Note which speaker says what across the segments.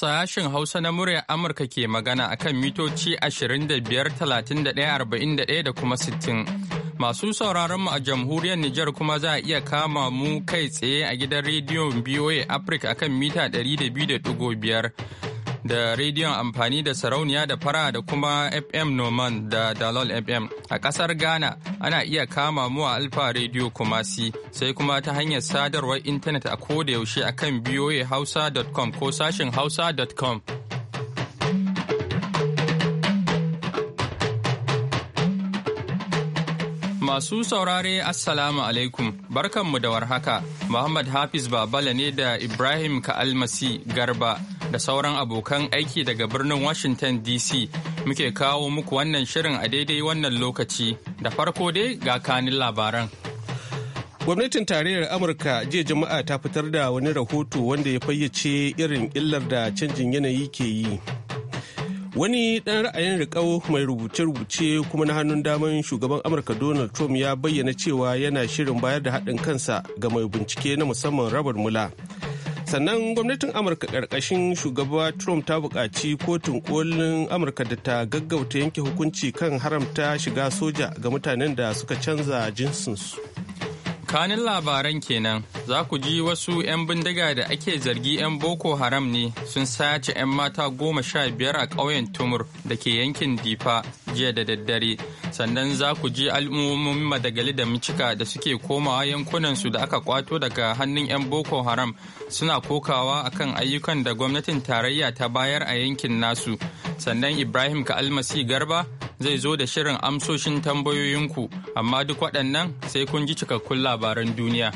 Speaker 1: Sashen Hausa na murya Amurka ke magana a kan mitoci 25,31,41 da kuma 60. Masu mu a jamhuriyar Nijar kuma za a iya kama mu kai tsaye a gidan rediyon BOA Africa a kan mita 200.5 da rediyon amfani da sarauniya da fara da kuma FM Noman da Dalol FM. A kasar Ghana ana iya kama mu a Alfa Radio Kumasi sai kuma ta hanyar sadarwar intanet a kodayaushe a kan voahausa.com ko sashin hausa.com. Masu saurare Assalamu alaikum barkanmu da warhaka Muhammad Hafiz Babala ne da Ibrahim Ka'almasi Garba da sauran abokan aiki daga birnin Washington DC muke kawo muku wannan shirin a daidai wannan lokaci da farko dai ga kanin labaran.
Speaker 2: Gwamnatin tarayyar Amurka jiya jama'a ta fitar da wani rahoto wanda ya fayyace irin illar da canjin yanayi ke yi. Wani ɗan ra'ayin riƙau mai rubuce-rubuce kuma na hannun daman shugaban Amurka Donald Trump ya bayyana cewa yana shirin bayar da haɗin kansa ga mai bincike na musamman rabar mula. sannan gwamnatin amurka ƙarƙashin shugaba trump ta buƙaci kotun kolin amurka da ta gaggauta yanke hukunci kan haramta shiga soja ga mutanen da suka canza jinsinsu
Speaker 1: kanin labaran kenan za ku ji wasu 'yan bindiga da ake zargi 'yan boko haram ne sun sace 'yan mata goma sha biyar a ƙauyen tumur da ke yankin difa jiya da daddare sannan za ku ji al'ummomin madagali da micika da suke komawa yankunansu da aka kwato daga hannun 'yan boko haram suna kokawa akan ayyukan da gwamnatin tarayya ta bayar a yankin nasu sannan ibrahim ka almasi garba zai zo da shirin amsoshin tambayoyinku amma duk waɗannan sai kun ji cikakkun labaran duniya.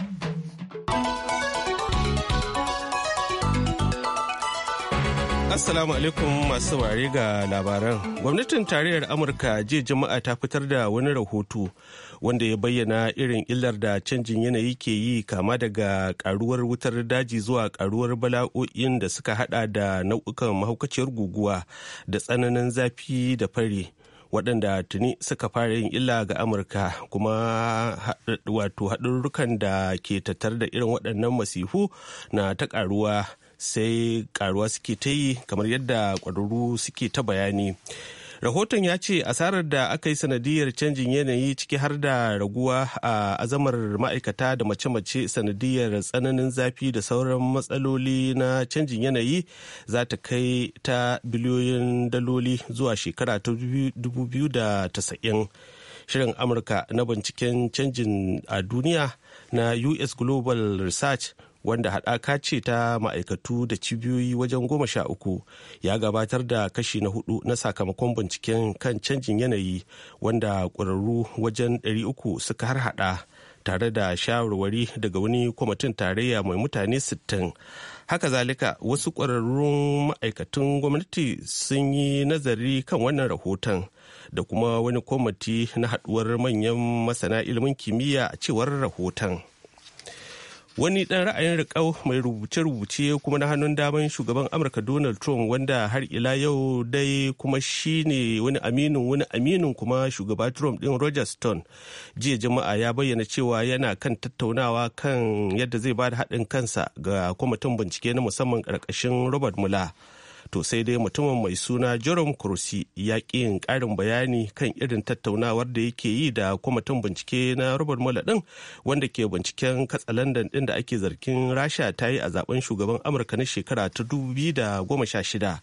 Speaker 2: Assalamu alaikum masu ware ga labaran. Gwamnatin tarayyar Amurka jiya jama'a ta fitar da wani rahoto wanda ya bayyana irin illar da canjin yanayi ke yi kama daga karuwar wutar daji zuwa karuwar bala'o'in da suka hada da nau'ukan mahaukaciyar guguwa da tsananin zafi da fari waɗanda tuni suka fara yin illa ga amurka kuma wato haɗurrukan da ke tattar da irin waɗannan masifu na ta ƙaruwa sai ƙaruwa suke ta yi kamar yadda ƙwararru suke ta bayani rahoton ya ce asarar da aka yi sanadiyar canjin yanayi ciki har da raguwa a azamar ma'aikata da mace-mace sanadiyar tsananin zafi da sauran matsaloli na canjin yanayi za ta kai ta biliyoyin daloli zuwa shekara ta da 2090 shirin amurka na binciken canjin a duniya na us global research wanda haɗaka ce ta ma'aikatu da cibiyoyi wajen goma sha uku ya gabatar da kashi na hudu na sakamakon binciken kan canjin yanayi wanda ƙwararru wajen uku suka har harhaɗa tare da shawarwari daga wani kwamitin tarayya mai mutane 60 haka zalika wasu ƙwararrun ma'aikatan gwamnati sun yi nazari kan wannan rahoton da kuma wani kwamiti na haɗuwar manyan masana ilimin kimiyya a cewar rahoton. wani ɗan ra'ayin riƙau mai rubuce-rubuce kuma na hannun daman shugaban amurka donald trump wanda har ila yau dai kuma shi ne wani aminin wani aminin kuma shugaba trump ɗin roger stone jiya jama'a ya bayyana cewa yana kan tattaunawa kan yadda zai ba da haɗin kansa ga kwamitin bincike na musamman ƙarƙashin robert mueller to sai dai mutumin mai suna jerome kursi ya ƙi yin ƙarin bayani kan irin tattaunawar da yake yi da kwamitin bincike na robert mueller ɗin wanda ke binciken katsalandan ɗin da ake zargin rasha ta yi a zaben shugaban amurka na shekara ta 2016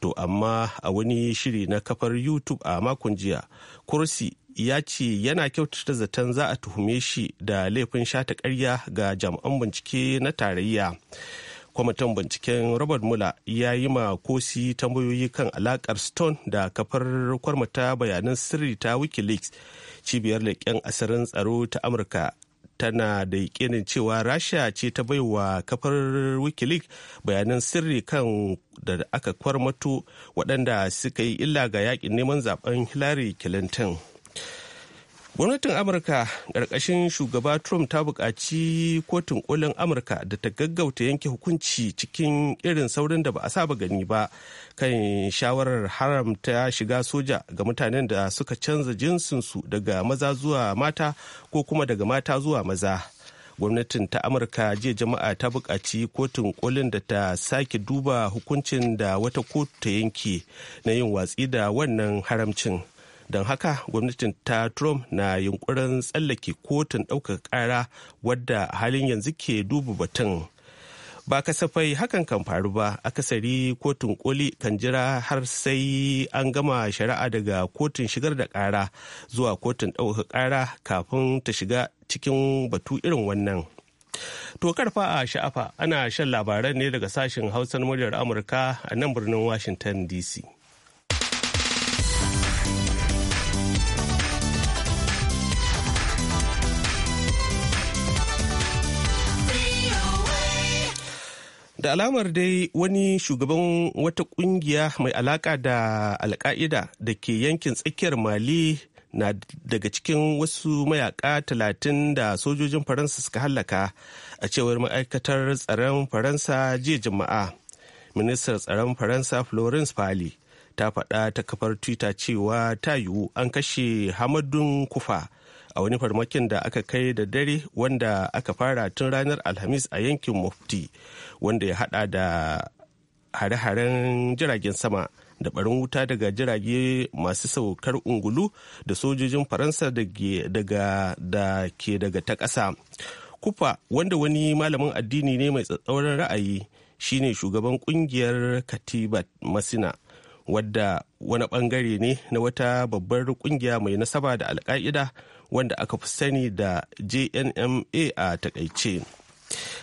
Speaker 2: to amma a wani shiri na kafar youtube a makon jiya kursi ya ce yana kyautata zaton za a tuhume shi da laifin shata karya ga jami'an bincike na tarayya kwamitin binciken robert mula ya yi ma kosi tambayoyi kan alakar stone da kafar kwarmata bayanan sirri ta wikileaks cibiyar leƙen asirin tsaro ta amurka tana da yakinin cewa rasha ce ta bai wa kafar wikileaks bayanan sirri kan da aka kwarmato waɗanda suka yi illa ga yakin neman zaben hillary clinton gwamnatin amurka ƙarƙashin shugaba trump ta buƙaci kotun kolin amurka da ta gaggauta yanke hukunci cikin irin saurin da ba a saba gani ba kan shawarar haramta shiga soja ga mutanen da suka canza jinsinsu daga maza zuwa mata ko kuma daga mata zuwa maza gwamnatin ta amurka jiya jama'a ta buƙaci kotun kolin da ta sake duba hukuncin da wata kotu ta yanke na yin watsi da wannan haramcin don haka gwamnatin ta trump na yunkurin tsallake kotun ɗaukaka ƙara wadda halin yanzu ke duba batun ba kasafai hakan kan faru ba akasari kotun koli kan jira har sai an gama shari'a daga kotun shigar da ƙara zuwa kotun ɗaukaka ƙara kafin ta shiga cikin batu irin wannan to karfa a sha'afa ana shan labaran ne daga sashen hausan muryar amurka a nan birnin washington dc da alamar dai wani shugaban wata kungiya mai alaka da alka'ida da ke yankin tsakiyar mali na daga cikin wasu mayaka talatin da sojojin faransa suka hallaka a cewar ma'aikatar tsaron faransa jiya juma'a ministar tsaron faransa florence pali ta faɗa ta kafar twitter cewa ta yiwu an kashe hamadun kufa a wani farmakin da aka kai da dare wanda aka fara tun ranar alhamis a yankin mufti wanda ya hada da hare-haren jiragen sama da barin wuta daga jirage masu saukar ungulu da sojojin faransa da ke daga ta ƙasa kufa wanda wani malamin addini ne mai tsatsauran ra'ayi shine shugaban kungiyar katibat masina wadda wani bangare ne na wata babbar kungiya mai nasaba da alka'ida wanda aka fi sani da jnma a takaice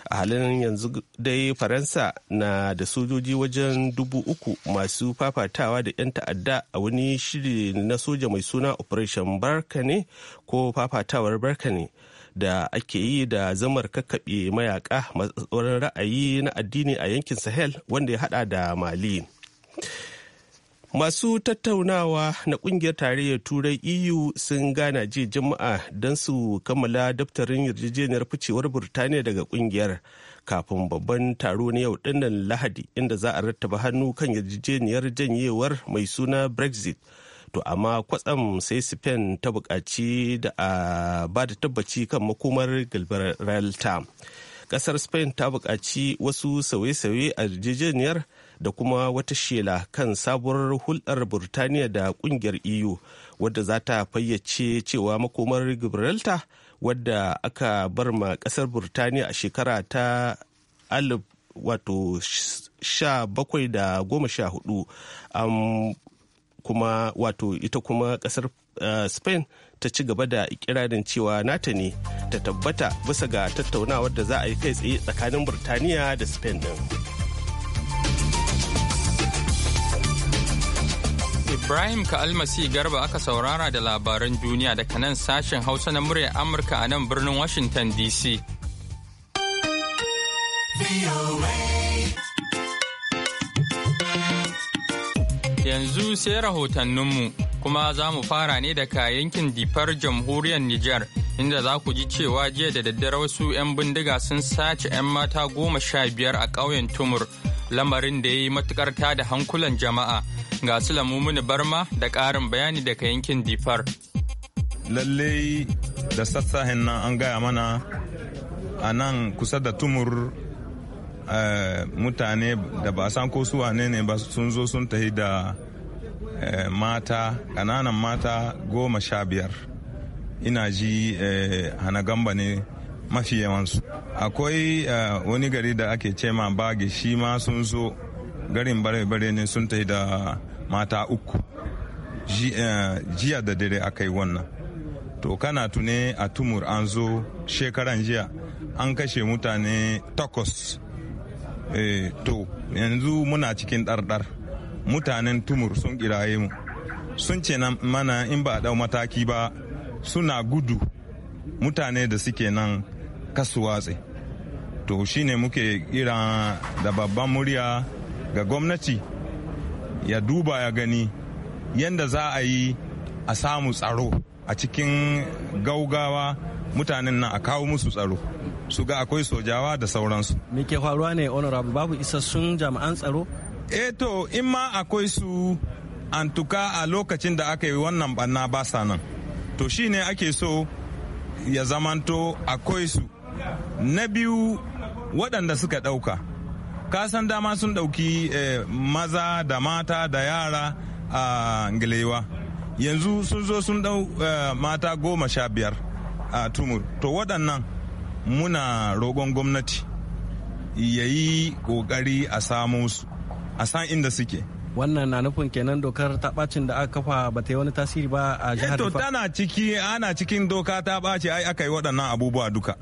Speaker 2: a halin yanzu dai faransa na da sojoji wajen dubu uku masu fafatawa da 'yan ta'adda a wani shiri na soja mai suna operation barkane ko fafatawar barkane da ake yi da zamar kakkaɓe mayaka masu tsoron ra'ayi na addini a yankin sahel wanda ya hada da mali masu tattaunawa na kungiyar tarayyar turai eu sun gana jiya jama'a don su kammala daftarin yarjejeniyar ficewar burtaniya daga kungiyar kafin babban taro na yau dinnan lahadi inda za a rattaba hannu kan yarjejeniyar janyewar mai suna brexit to amma kwatsam sai spain ta buƙaci da a ba da tabbaci kan makomar gibraltar ƙasar spain ta buƙaci wasu sauye-sauye a yarjejeniyar da kuma wata shela kan sabuwar hulɗar burtaniya da ƙungiyar eu wadda za ta fayyace cewa makomar gibraltar wadda aka bar ma ƙasar burtaniya a shekara ta alif wato sha bakwai da goma sha hudu kuma wato ita kuma ƙasar eh, spain ta ci gaba da ikirarin cewa nata ne ta tabbata bisa ga tattaunawar da za a yi kai tsaye tsakanin burtaniya da spain din.
Speaker 1: Ibrahim Ka'almasi Garba aka saurara da labaran duniya daga nan sashen Hausa na muryar Amurka a nan birnin Washington DC. Yanzu sai rahotanninmu kuma za mu fara ne daga yankin difar jamhuriyar Nijar inda za ku ji cewa jiya da daddare wasu 'yan bindiga sun sace 'yan mata goma sha biyar a ƙauyen Tumur lamarin da ya yi matukar da hankulan jama'a. Ga su muni barma da karin bayani daga yankin Difar.
Speaker 3: lalle da sassahen nan an gaya mana a nan kusa da tumur eh, mutane da ba san ko su wane ne ba sun zo sun tahi da eh, mata ƙananan mata goma sha biyar ina ji eh, hanagamba ne mafi yawansu akwai wani gari da ake cema bage shi ma sun zo garin bare-bare ne sun tahi da mata uku eh, jiya da dare aka yi wannan to kana tune a tumur an zo shekaran jiya an kashe mutane takwas eh, to yanzu muna cikin ɗarɗar mutanen tumur sun kiraye mu sun ce mana in ba a ɗau mataki ba suna gudu mutane da suke nan kasuwatse to shine muke kira da babban murya ga gwamnati ya duba ya gani yadda za a yi a samu tsaro a cikin gaugawa mutanen nan a kawo musu tsaro su ga akwai sojawa da sauransu. Me ke faruwa ne honorable babu isassun jami'an tsaro? Eh to in ma akwai su an tuka a lokacin da aka yi wannan banna ba sa nan. To shi ne ake so ya zamanto akwai su. Na biyu waɗanda suka ɗauka. kasan dama sun ɗauki eh, maza da mata da yara a gilewa yanzu sun zo sun ɗau eh, mata goma sha biyar a tumur to waɗannan muna rogon gwamnati ya yi ƙoƙari a samu su a san inda suke
Speaker 4: wannan na nufin kenan dokar ta da aka kafa ba ta yi wani tasiri ba a
Speaker 3: eh, jihar to tana ciki ana cikin doka ta ɓaci ai aka yi waɗannan abubuwa duka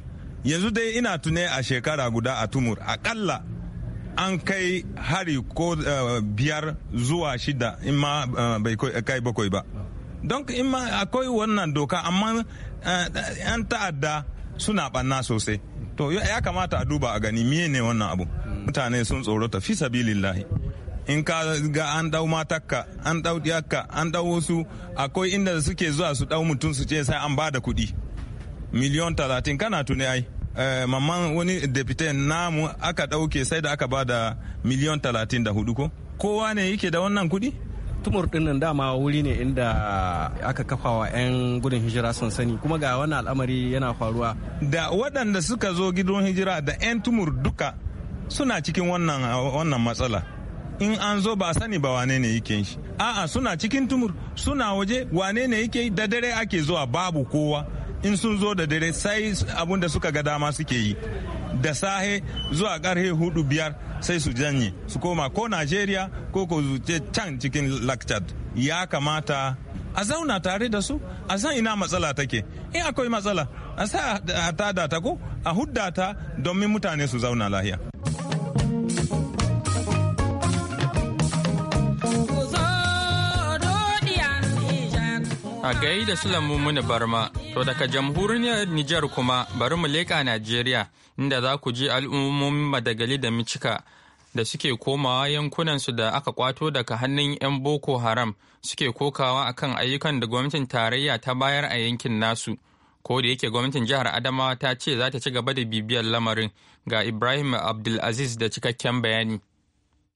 Speaker 3: yanzu dai ina tune a shekara guda a tumur akalla an kai hari ko eh, biyar zuwa shida in ma eh, bai eh, kai bakwai ba don in ma akwai wannan doka amma yan ta'adda suna banna sosai to ya kamata a duba a gani miye ne wannan abu mutane sun tsorota fi sabilillahi in ka ga an dau matakka an dau diyakka an dau wasu akwai inda suke zuwa su dau mutum su ce sai an ba da kuɗi miliyon talatin kana tuni ai Eh, mamman wani depute namu aka ɗauke sai da aka ba da miliyan talatin da hudu ko
Speaker 4: kowa ne yake da wannan kuɗi tumur dinnan nan dama wuri ne inda aka kafa wa 'yan gudun hijira sansani kuma ga wannan al'amari yana faruwa
Speaker 3: da waɗanda suka zo gidan hijira da 'yan tumur duka suna cikin wannan matsala in an zo ba sani ba wane ne yake shi a'a suna cikin tumur suna waje wane ne yake da dare ake zuwa babu kowa in sun zo da dare sai abun da suka ga dama suke yi da sahe zuwa karhe hudu biyar sai su janye su koma ko Nigeria ko ko zuce can cikin lakchad ya kamata a zauna tare da su a san ina matsala take in akwai matsala a sa a tada ta ko a hudda ta domin mutane su zauna lahiya
Speaker 1: A gai da Sulamu Muni Barma, to daga jamhuriyar Nijar kuma bari mu leƙa Najeriya inda za ku ji al'ummomin Madagali da Micika da suke komawa yankunansu da aka kwato daga hannun 'yan Boko Haram suke kokawa akan ayyukan da gwamnatin tarayya ta bayar a yankin nasu. Ko da yake gwamnatin jihar Adamawa ta ce za ta ci gaba da bibiyar lamarin ga Ibrahim Abdulaziz da cikakken bayani.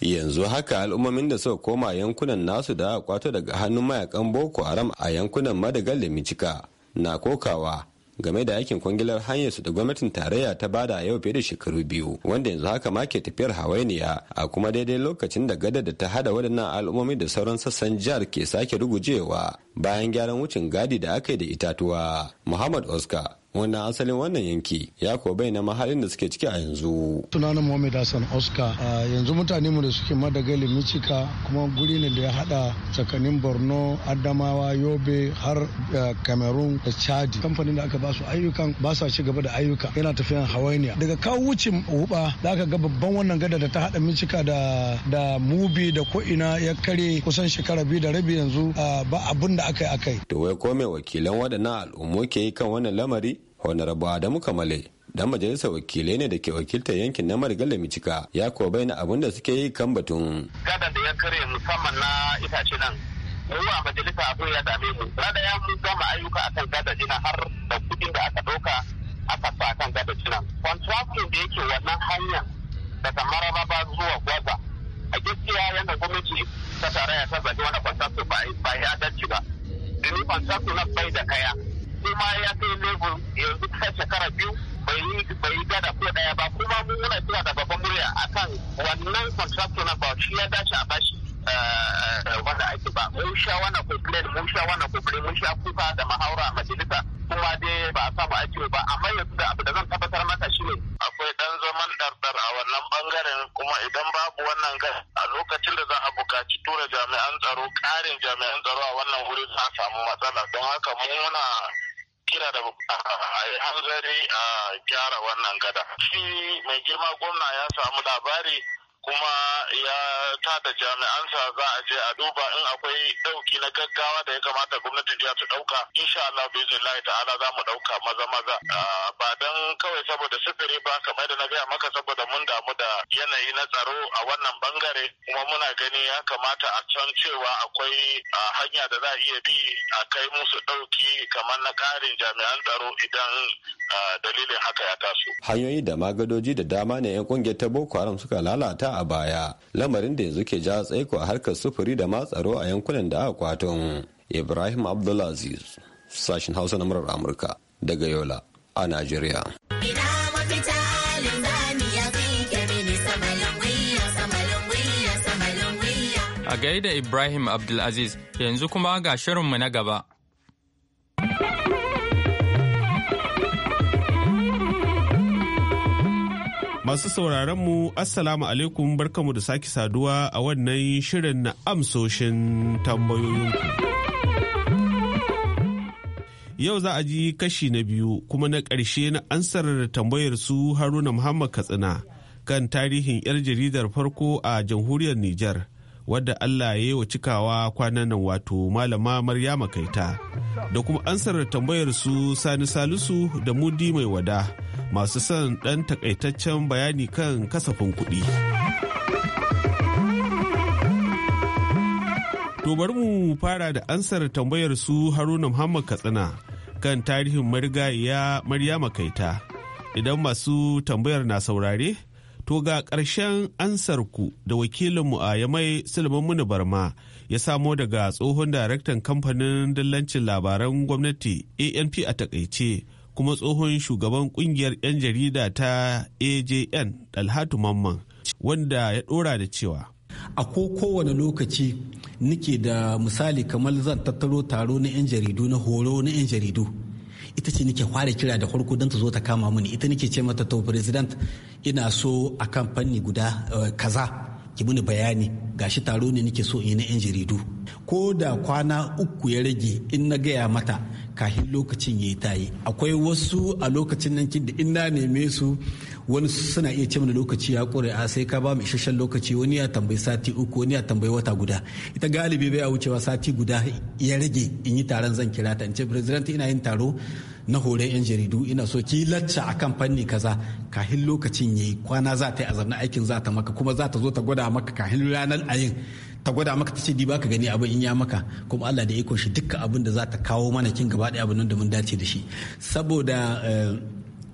Speaker 5: yanzu haka al'ummomin da suka koma yankunan nasu da kwato daga hannun mayakan boko haram a yankunan madagal da micika na kokawa game da aikin kwangilar hanyar su da gwamnatin tarayya ta bada yau fiye da shekaru biyu wanda yanzu haka ma ke tafiyar hawainiya a kuma daidai lokacin da gadar da ta hada waɗannan al'ummomi da sauran sassan jihar ke sake rugujewa bayan gyaran wucin gadi da aka yi da itatuwa muhammad oscar wannan asalin wannan yanki ya ko na mahalin da suke ciki a yanzu
Speaker 6: tunanin Muhammad Hassan Oscar yanzu mutane mu da suke Madagali Michika kuma guri ne da ya hada tsakanin Borno Adamawa Yobe har eh, Cameroon da Chad kamfanin da aka ba su ayyukan ba sa ci gaba da ayyuka yana tafiyan hawainiya daga kawo wuce huba za ka ga babban wannan gada da ta hada Michika da da Mubi da ko'ina ya kare kusan shekara biyu da rabi yanzu ba abun da aka yi akai
Speaker 5: to wai ko mai wakilan waɗannan al'ummu ke yi kan wannan lamari da adamu kamale dan majalisar wakilai ne da ke wakiltar yankin na da micika ya kuwa bayyana abin da suke yi kan batun
Speaker 7: gadan da ya kare musamman na itace nan mu a majalisa abin ya dame mu rada ya mun gama ayyuka akan gada jina har da kudin da aka doka aka sa akan gada jina contracting da yake wannan hanya daga ba zuwa gwaza a gaskiya yadda gwamnati ta tarayya ta zaki wani contracting ba ya dace ba domin na bai da kaya shi ma ya kai level yanzu kusan shekara biyu bai yi bai gada ko daya ba kuma mun muna kira da babban murya akan wannan contract na ba shi ya dace a bashi eh, wanda ake ba mun sha wannan complain mun sha wannan complain mun sha kuka da mahaura majalisa kuma dai ba a samu ake ba amma yanzu da abu da zan tabbatar maka shine akwai dan zaman dardar a wannan bangaren kuma idan babu wannan gas a lokacin da za a buƙaci tura jami'an tsaro ƙarin jami'an tsaro a wannan wurin za a samu matsala don
Speaker 2: haka mu muna
Speaker 7: kira da hanzari a gyara
Speaker 2: wannan gada. Shi mai girma gwamna ya samu labari kuma ya tada jami'ansa za a je a duba in akwai dauki na gaggawa da ya kamata gwamnatin jiya ta dauka insha Allah bi'izillahi ta'ala za mu dauka maza maza ba dan kawai
Speaker 5: saboda sufuri ba kamar da na gaya maka saboda mun damu da yanayi na tsaro a wannan bangare kuma muna gani ya kamata a can cewa akwai hanya da za a iya bi a kai
Speaker 7: musu dauki kamar na karin jami'an tsaro idan dalilin haka ya taso
Speaker 5: hanyoyi da magadoji da dama ne yan kungiyar ta boko haram suka lalata a baya lamarin da yanzu ke ja tsaiko a harkar sufuri da ma tsaro a yankunan da aka kwaton ibrahim abdulaziz sashen hausa na murar amurka daga yola a najeriya
Speaker 1: a gaida ibrahim abdulaziz yanzu kuma ga shirinmu na gaba
Speaker 2: Masu sauraron mu Assalamu alaikum barkamu da sake saduwa a wannan shirin na amsoshin tambayoyinku. Yau za a ji kashi na biyu kuma na ƙarshe na ansar tambayar su Haruna Muhammad Katsina kan tarihin 'yar jaridar farko a jamhuriyar Nijar wadda Allah ya yi wa cikawa kwanan nan wato malama Maryama Kaita da kuma ansar tambayar su Sani Salisu da Mudi mai wada masu son ɗan takaitaccen bayani kan kasafin kuɗi. To bari mu fara da ansar tambayar su Haruna Muhammad Katsina kan tarihin marigayiya Maryama Kaita. Idan masu tambayar na saurare, To ga ƙarshen ansarku da wakilinmu a Yamai muni Barma ya samo daga tsohon daraktan kamfanin dillancin labaran gwamnati ANP a takaice kuma tsohon shugaban kungiyar 'yan jarida ta AJN Dalhatu Mamman wanda ya ɗora da cewa.
Speaker 6: A kowane lokaci nike da misali kamar zan tattaro taro na 'yan jaridu na horo na 'yan jaridu. ita ce nake fara kira da farko don ta zo ta kama mini ita nake ce mata to president ina so a kan fanni guda eh, kaza ki mini bayani gashi taro ne nake so in yi na yan jaridu ko da kwana uku ya rage in na gaya mata kafin lokacin ya yi tayi akwai wasu a lokacin nan da in na neme su wani suna iya ce mana lokaci ya kure a sai ka ba mu isasshen lokaci wani ya tambayi sati uku wani ya tambayi wata guda ita galibi bai a wucewa sati guda ya rage in yi taron zan kira ta in ce president ina yin taro na horon 'yan jaridu ina so ki lacca a kan fanni kaza kahin lokacin yayi kwana za ta yi azabna aikin za ta maka kuma za ta zo ta gwada maka kahin ranar ayin ta gwada maka ta ce di baka gani abin in ya maka kuma Allah da ikon shi dukkan abin da za ta kawo mana kin gaba ɗaya abin da mun dace da shi saboda eh,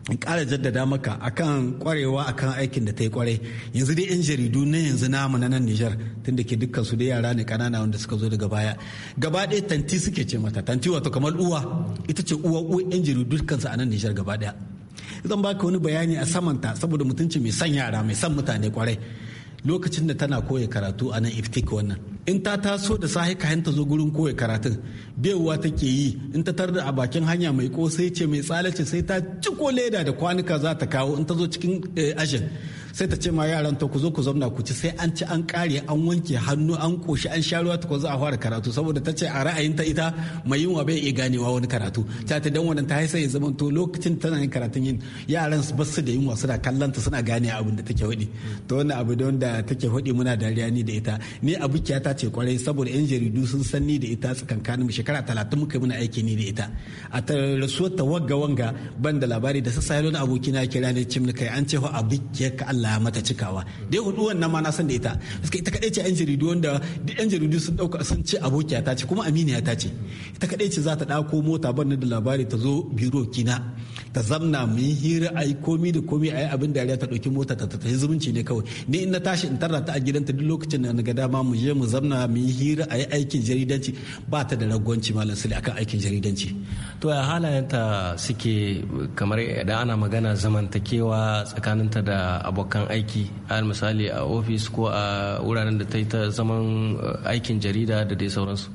Speaker 6: in ƙara jaddada maka akan kwarewa akan aikin da ta yi kwarai yanzu dai 'yan jaridu na yanzu namu na nan Nijar tun da ke dukkan su dai yara ne kanana wanda suka zo daga baya gaba ɗaya tanti suke ce mata tanti wato kamar uwa ita ce uwa uwa 'yan jaridu dukkan su a nan Nijar gaba ɗaya zan baka wani bayani a samanta saboda mutunci mai san yara mai san mutane kwarai lokacin da tana koya karatu a nan iftik wannan in ta taso da sahi kayan ta zo gurin koya karatun bewa take yi in ta tarda a bakin hanya mai kosai ce mai tsalace sai ta ciko leda da kwanuka za ta kawo in ta zo cikin eh, ashin sai ta ce ma yaran ta ku zo ku zauna ku ci sai an ci an kare an wanke hannu an koshi an sha ruwa tukun za a fara karatu saboda ta ce a ra'ayinta ita mai yunwa bai iya ganewa wani karatu ta ta dan wannan ta haisa ya zama to lokacin tana yin karatun yin yaran su basu da yunwa suna kallanta suna gane abin da take hudi to wannan abu da wanda take hudi muna dariya ni da ita ni abukiya ta ce kwarai saboda yan jaridu sun san ni da ita tsakankanin shekara talatin muka muna aiki ni da ita a ta rasuwar ta wanga wanga ban da labari da sassa yalo na abokina kira ne cimni kai an ce a abukiyar ka Allah mata cikawa da ya hudu wannan ma na san da ita suka ita kadai ce yan jaridu wanda duk yan jaridu sun dauka sun ce abokiya ta ce kuma aminiya ta ce ita kadai ce za ta dako mota ban da labari ta zo biro kina ta zamna mu yi hira a yi komi da komi a yi abin dariya ta ɗauki mota ta tafi zumunci ne kawai ni in na tashi in tara ta a gidanta duk lokacin da na ga dama mu je mu zamna mu yi hira a yi aikin jaridanci ba ta da ragwanci malam sule akan aikin jaridanci.
Speaker 4: to a ta suke kamar idan ana magana zamantakewa tsakaninta da abokan aiki al misali a ofis ko a wuraren da
Speaker 6: ta yi ta zaman eh, aikin jarida da dai sauransu.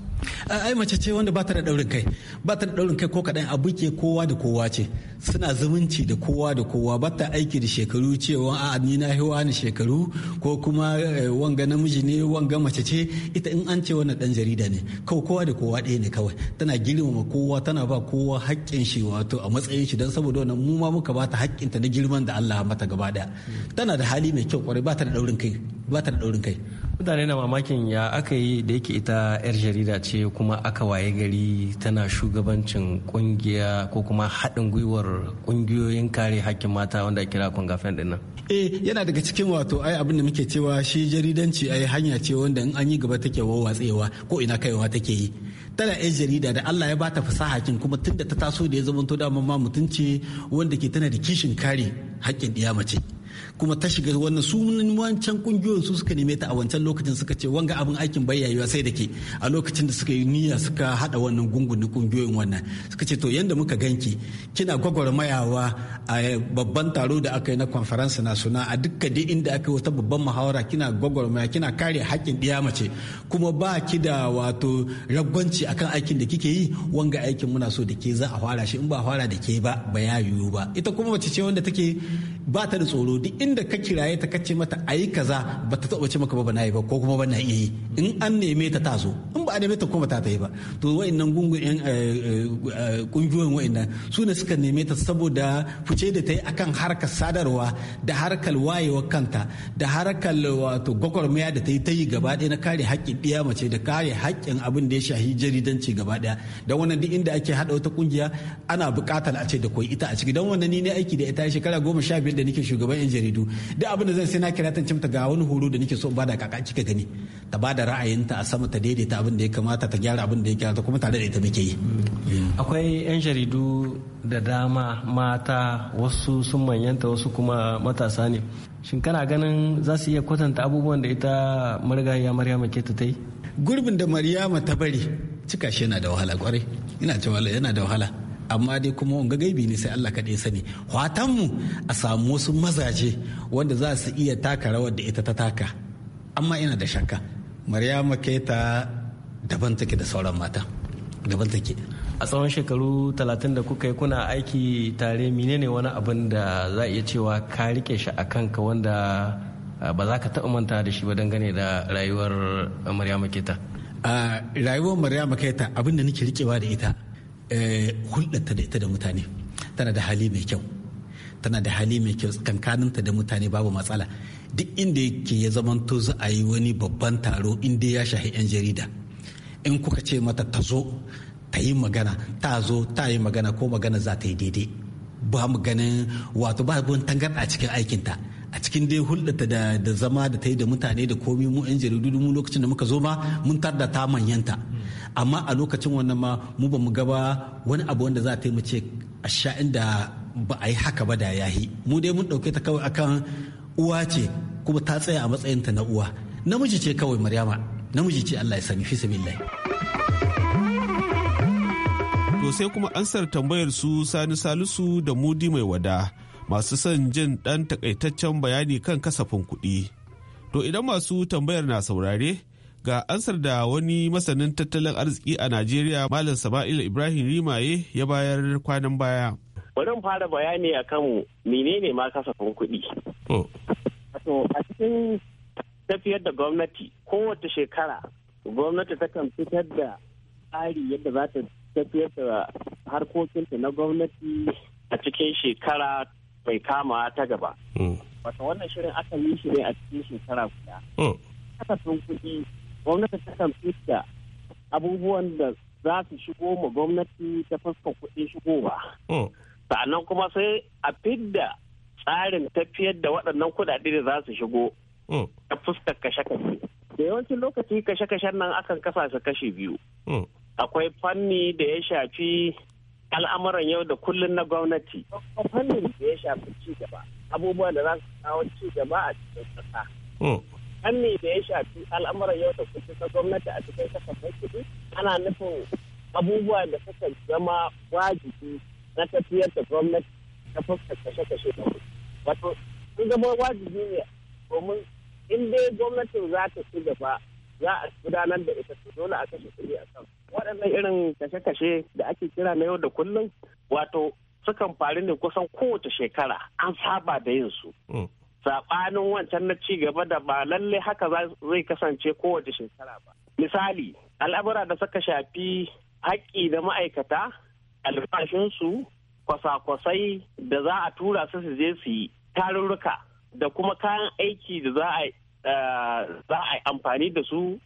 Speaker 6: ai mace ce wanda ba ta da daurin kai ba ta da daurin kai ko kadan abu ke kowa da kowa ce suna zumunci da kowa da kowa ba ta aiki da shekaru cewa a ni na hewa ni shekaru ko kuma eh, wanga namiji ne wanga mace ce ita in an ce wannan dan jarida ne kawai kowa da kowa ɗaya ne kawai tana girmama kowa tana ba kowa haƙƙin shi wato a matsayin shi dan saboda wannan mu ma muka ba ta haƙƙin ta na girman da Allah mata gaba daya tana da hali mai kyau kwarai ba ta da daurin kai ba da daurin kai
Speaker 4: mutane na mamakin ya aka yi da yake ita 'yar jarida ce kuma aka waye gari tana shugabancin kungiya ko kuma haɗin gwiwar kungiyoyin kare hakkin mata wanda kira kwangafen din nan
Speaker 6: eh yana daga cikin wato ai abin da muke cewa shi jaridanci ai hanya ce wanda in an yi gaba take wawatsewa ko ina kaiwa take yi tana yar jarida da Allah ya bata fasaha kin kuma tunda ta taso da ya zama to dama ma mutunci wanda ke tana da kishin kare hakkin ɗiya mace kuma ta shiga wannan su wancan kungiyoyin su suka neme ta a wancan lokacin suka ce wanga abin aikin bayyayuwa sai da ke a lokacin da suka yi niyya suka hada wannan gungunin kungiyoyin wannan suka ce to yanda muka ganki kina gwagwarmayawa a babban taro da aka yi na conference suna a dukkan da inda aka yi wata babban muhawara kina gwagwarmaya kina kare haƙƙin ɗiya mace kuma ba ki da wato ragwanci akan aikin da kike yi wanga aikin muna so da ke za a fara shi in ba fara da ke ba ba ya yiwu ba ita kuma mace ce wanda take ba ta da tsoro duk inda ka kiraye ta kace mata ayi kaza ba ta taba ce maka ba na yi ba ko kuma ba na iya yi in an neme ta ta zo in ba a neme ta kuma ta ta yi ba to wa'annan gungun yan kungiyoyin eh, eh, wa'annan su ne suka neme ta saboda fice da ta yi akan harkar sadarwa da harkar wayewa kanta da harkar wato gwagwarmaya da ta yi ta yi gaba ɗaya na kare haƙƙin ɗiya mace da kare haƙƙin abin da ya shahi jaridanci gaba ɗaya da wannan duk inda ake haɗa wata kungiya ana buƙatar a ce da koi ita a ciki don wannan ni ne aiki da ita shekara goma sha biyar da nake shugaban yan jaridu duk abin da zan sai na kira ta cimta ga wani horo da nake so bada kaka kika gani ta bada ra'ayinta a sama ta daidaita abin da ya kamata ta gyara abin da ya kamata kuma tare da ita muke yi mm.
Speaker 4: akwai yan jaridu da dama mata wasu sun manyanta wasu kuma matasa ne shin kana ganin za su iya kwatanta abubuwan da ita marigayya
Speaker 6: maryama ke ta yi gurbin da maryama ta bari cika shi yana da wahala kwarai ina cewa yana da wahala amma dai kuma wanga gaibi ne sai Allah kaɗai sani mu a samu wasu mazaje wanda za su iya taka rawar da ita ta taka amma ina da shakka maryama keta daban take da sauran mata daban take
Speaker 4: a tsawon shekaru 30 da kuka yi kuna aiki tare menene wani abin da za a iya cewa ka rike shi a kanka wanda ah, ba za ka taɓa manta da shi ba dangane da rayuwar
Speaker 6: maryama keta a ah, rayuwar maryama keta abin da nake rikewa da ita Eh, hulɗarta da ita da mutane tana da hali mai kyau tana da hali mai kyau kankaninta da mutane babu matsala duk inda yake ya zamanto za a yi wani babban taro inda ya shahi 'yan jarida in kuka ce mata ta zo ta yi magana ta zo ta yi magana ko magana za ta yi daidai ba mu ganin wato ba wani cikin aikinta a cikin dai hulɗata da, da zama da ta yi da mutane da komi mu 'yan jaridu mu lokacin da muka zo ma mun tarda ta manyanta amma a lokacin wannan ma mu ba mu gaba wani abu wanda za ta yi mu ce a sha inda ba a yi haka ba da yahi mu dai mun ɗauke ta kawai akan uwa ce kuma ta tsaya a matsayinta na uwa namiji ce kawai
Speaker 2: maryama namiji ce allah ya sani fi sabilillahi to sai kuma ansar tambayar su sani salisu da mudi mai wada masu son jin ɗan takaitaccen bayani kan kasafin kuɗi. To idan masu tambayar na saurare ga ansar da wani masanin tattalin arziki a Najeriya Malam Sama'il Ibrahim Rimaye ya bayar kwanan baya.
Speaker 7: Bari fara bayani akan menene ma kasafin kuɗi. a cikin tafiyar da gwamnati kowace shekara gwamnati takan fitar da tsari yadda za ta tafiyar da harkokinta na gwamnati a cikin shekara Bai kama ta gaba. Hmm. Wata wannan shirin aka yi shi a cikin shekara guda. Hmm. Kasafin kuɗi gwamnati ta kan fita abubuwan da za su shigo ma gwamnati ta fuskar kuɗin shigowa. Hmm. Sa'annan kuma sai a fidda tsarin tafiyar da waɗannan kuɗaɗe da za su shigo ta fuskar kashe-kashe. Da yawancin lokaci kashe-kashen nan akan kasa su kashe biyu. Akwai fanni da ya shafi al'amuran yau da kullun na gwamnati. Fannin da ya shafi ci gaba, abubuwan da za su kawo ci gaba a cikin ƙasa. Hmm. Fannin da ya shafi al'amuran yau da kullun na gwamnati a cikin kasafin kuɗi, ana nufin abubuwa da suka zama wajibi na tafiyar da gwamnati ta fuska kashe-kashe da kuɗi. Wato, sun zama wajibi ne domin in dai gwamnatin za ta ci gaba za a gudanar da ita su dole a kashe kuɗi a kan waɗannan irin kashe-kashe da ake kira na yau da kullum wato sukan faru ne kusan kowace shekara an saba da yin su hmm. saɓanin wancan na ci gaba da ba lalle haka zai kasance kowace shekara ba misali al'amura da suka shafi haƙƙi na ma'aikata albashinsu kwasa-kwasai da za a tura su su je su yi tarurruka da kuma kayan aiki da za a Eh, za a yi amfani da su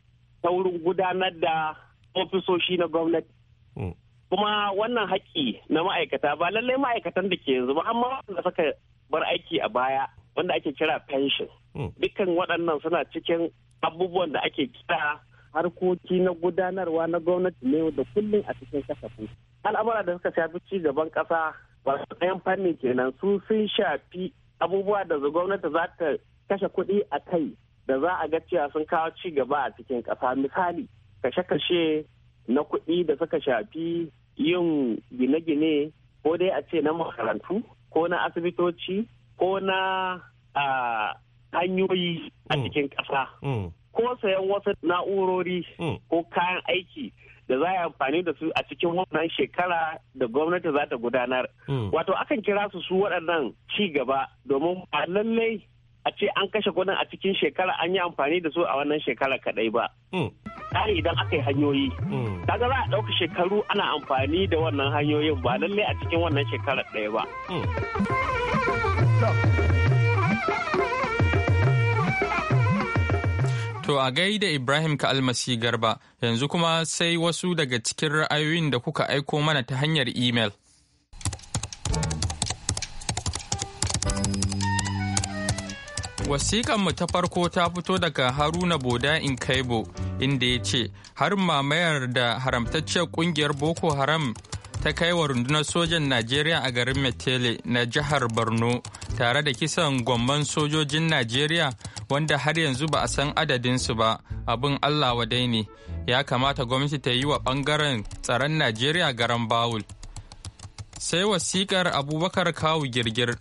Speaker 7: ta wurin gudanar da ofisoshi na gwamnati. Hmm. Kuma wannan haƙƙi na ma'aikata ba lallai ma'aikatan da ke yanzu ba amma wanda suka bar aiki a baya wanda ake kira pension. Hmm. Dukkan waɗannan suna cikin abubuwan da ake kira harkoki na gudanarwa na gwamnati ne da kullum a cikin kasafin. Al'amura da suka shafi ci gaban ƙasa ba su ɗayan fannin kenan su sun shafi abubuwa da gwamnati za ta kashe kuɗi a kai da za a ga cewa sun kawo ci gaba a cikin ƙasa misali kashe-kashe na kuɗi da suka shafi yin gine-gine ko dai a ce na makarantu ko na asibitoci ko na hanyoyi a mm. cikin ƙasa mm. ko sayan wasu na'urori mm. ko kayan aiki da za a amfani da su a cikin wannan shekara da gwamnati za ta gudanar wato akan kira su su waɗannan ci gaba domin ba lallai a ce an kashe kudin a cikin shekara an yi amfani da su a wannan shekara kadai ba. Hmm. Tsari idan aka yi hanyoyi, hmm. kaga za a ɗauka shekaru ana amfani da wannan hanyoyin ba lallai a cikin wannan shekara ɗaya ba. Hmm.
Speaker 1: To a da Ibrahim ka almasi garba yanzu kuma sai wasu daga cikin ra'ayoyin da kuka aiko mana ta hanyar imel. Wasiƙanmu ta farko ta fito daga Haruna Boda in Inkaibo inda ya ce, har mamayar da haramtacciyar ƙungiyar Boko Haram ta kai wa rundunar sojan Najeriya a garin Metele na jihar Borno tare da kisan gomman sojojin Najeriya wanda har yanzu ba a san adadinsu ba abin Allah wadai ne ya kamata gwamnati ta yi wa bangaren tsaron Najeriya garan bawul. Sai wasikar Abubakar Kawu Girgir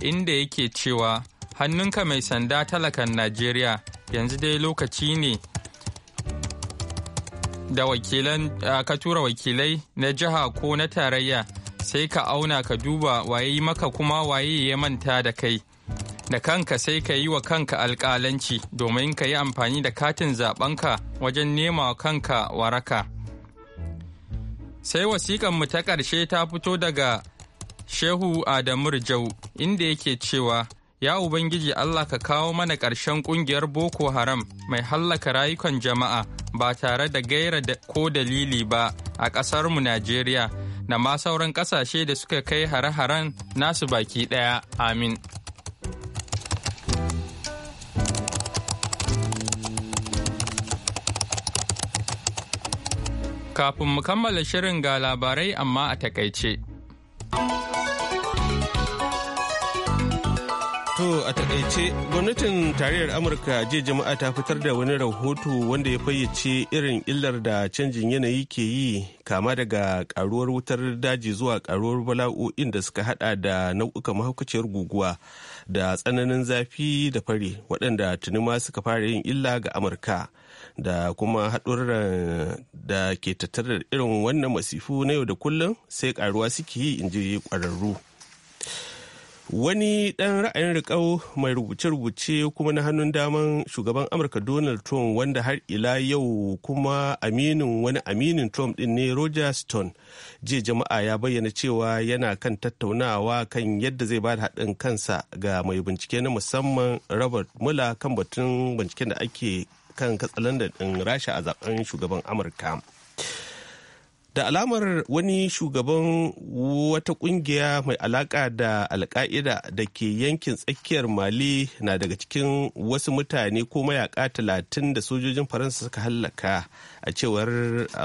Speaker 1: inda yake cewa hannunka mai sanda talakan najeriya yanzu dai lokaci ne da wakilan ka tura wakilai na jiha ko na tarayya sai ka auna ka duba waye maka kuma waye ya manta da kai da kanka sai ka yi wa kanka alkalanci domin ka yi amfani da katin zaɓenka wajen nema wa kanka waraka sai wasiƙanmu ta ƙarshe ta fito daga shehu adamu rijau inda yake cewa Ya Ubangiji Allah ka kawo mana ƙarshen ƙungiyar Boko Haram mai hallaka rayukan jama'a ba tare da gaira ko dalili ba a ƙasarmu Najeriya da ma sauran ƙasashe da suka kai hare-haren nasu baki ɗaya. Amin. Kafin mu kammala shirin ga labarai amma a takaice.
Speaker 2: To a takaice gwamnatin tarayyar Amurka jiya jama'a ta fitar da wani rahoto wanda ya fayyace irin illar da canjin yanayi ke yi kama daga karuwar wutar daji zuwa karuwar bala'o'in da suka hada da nau'ukan mahaukaciyar guguwa da tsananin zafi da fari waɗanda tuni ma suka fara yin illa ga Amurka da kuma haɗurran da ke tattare irin wannan masifu na yau da kullum sai karuwa suke yi in ji ƙwararru. wani ɗan ra'ayin riƙau mai rubuce-rubuce kuma na hannun daman shugaban amurka donald trump wanda har ila yau kuma aminin wani aminin trump ɗin ne roger stone je jama'a ya bayyana cewa yana kan tattaunawa kan yadda zai bada haɗin kansa ga mai bincike na musamman robert mula kan batun binciken da ake kan katsalandan ɗin rasha a zaben shugaban amurka. da alamar wani shugaban wata kungiya mai alaka da alka'ida da ke yankin tsakiyar mali na daga cikin wasu mutane ko mayaka talatin da sojojin faransa suka hallaka a cewar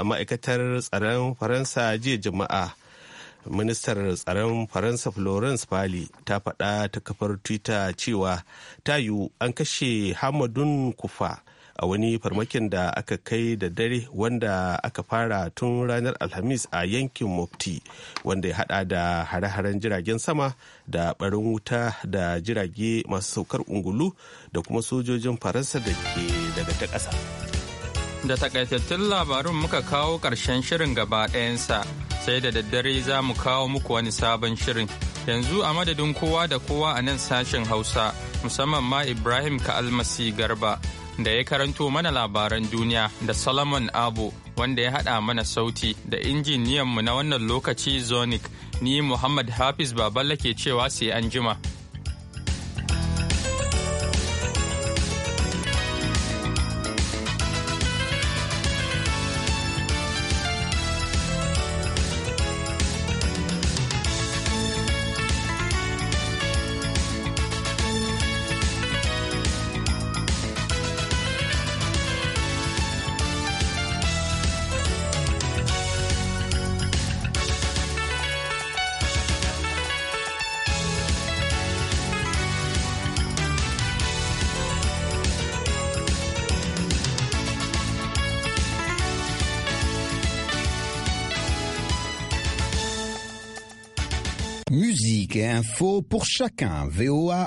Speaker 2: ma'aikatar tsaron faransa jiya jama'a ministar tsaron faransa florence pali ta faɗa ta kafar twitter cewa ta tayu an kashe hamadun kufa a wani farmakin da aka kai da dare wanda aka fara tun ranar alhamis a yankin mufti wanda ya hada da hare-haren jiragen sama da barin wuta da jirage masu saukar ungulu da kuma sojojin faransa da ke daga ta ƙasa
Speaker 1: da takaitattun labarun muka kawo ƙarshen shirin gaba ɗayansa sai da daddare za mu kawo muku wani sabon shirin yanzu a madadin kowa da kowa a nan sashen hausa musamman ma ibrahim ka almasi garba da ya karanto mana labaran duniya da Solomon Abu wanda ya haɗa mana sauti da injiniyanmu na wannan lokaci Zonic ni Muhammad Hafiz Baballa ke cewa sai an jima.
Speaker 5: Faux pour chacun. VOA